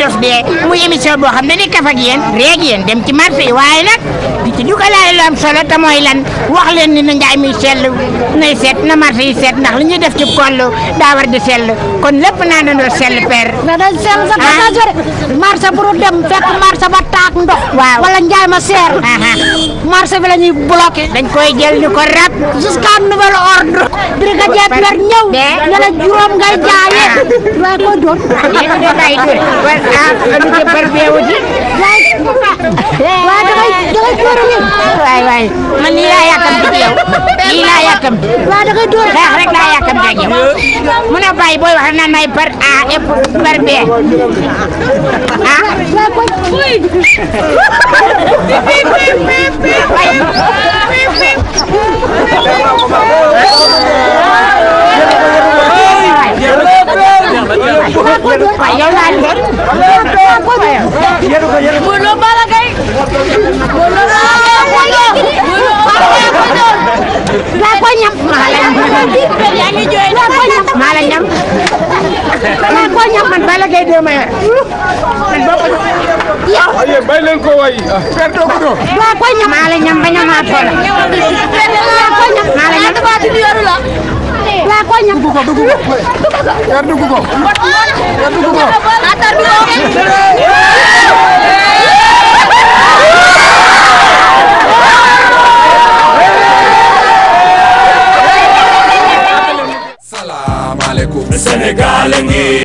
dof dee muy émission boo xam ne ni kaf ak yéen réeg yéen dem ci marché yi waaye nag di ci dugalaale lu am solo te mooy lan wax leen ni na njaay mi sell nay seet na marché yi seet ndax li ñuy def ci koll daa war di sell kon lépp naa doon sell per na dañ sa ah. marché dem fekk marché ba taak ndox waaw wala njaay ma seer marché bi la ñuy bloqué. dañ koy jël ñu ko rat. jusqu'à nouvel ordre. brigadier Pierre ñëw. ne la juróom ngay jaayee. waaye koy doon. yéen a ngi koy man lii laa yàkkamti ci yow lii laa yàkkamti. waaw da ngay dóor xeex rek laa yàkkamti ak yow. mun a bàyyi booy wax naan may par A et par B ah. waaw yow laa ñu doon. yéen ko yéen ko. mënoo Balla Gaye. mënoo Balla Gaye. mënoo Balla Gaye. laa ko ñam. maa la ñam. yaa ngi jooy laa ko ñam. maa la ñam. laa ko ñam man Balla Gaye dee ma yow bay leen ko waay. perte ko do. laa ko ñam. maa la ñam bañ a maa toll. laa ko ñam. maa la ñam. dugg ko dugg ko yaa dugg ko yaa dugg ko atar dugg ko Sénégal ngi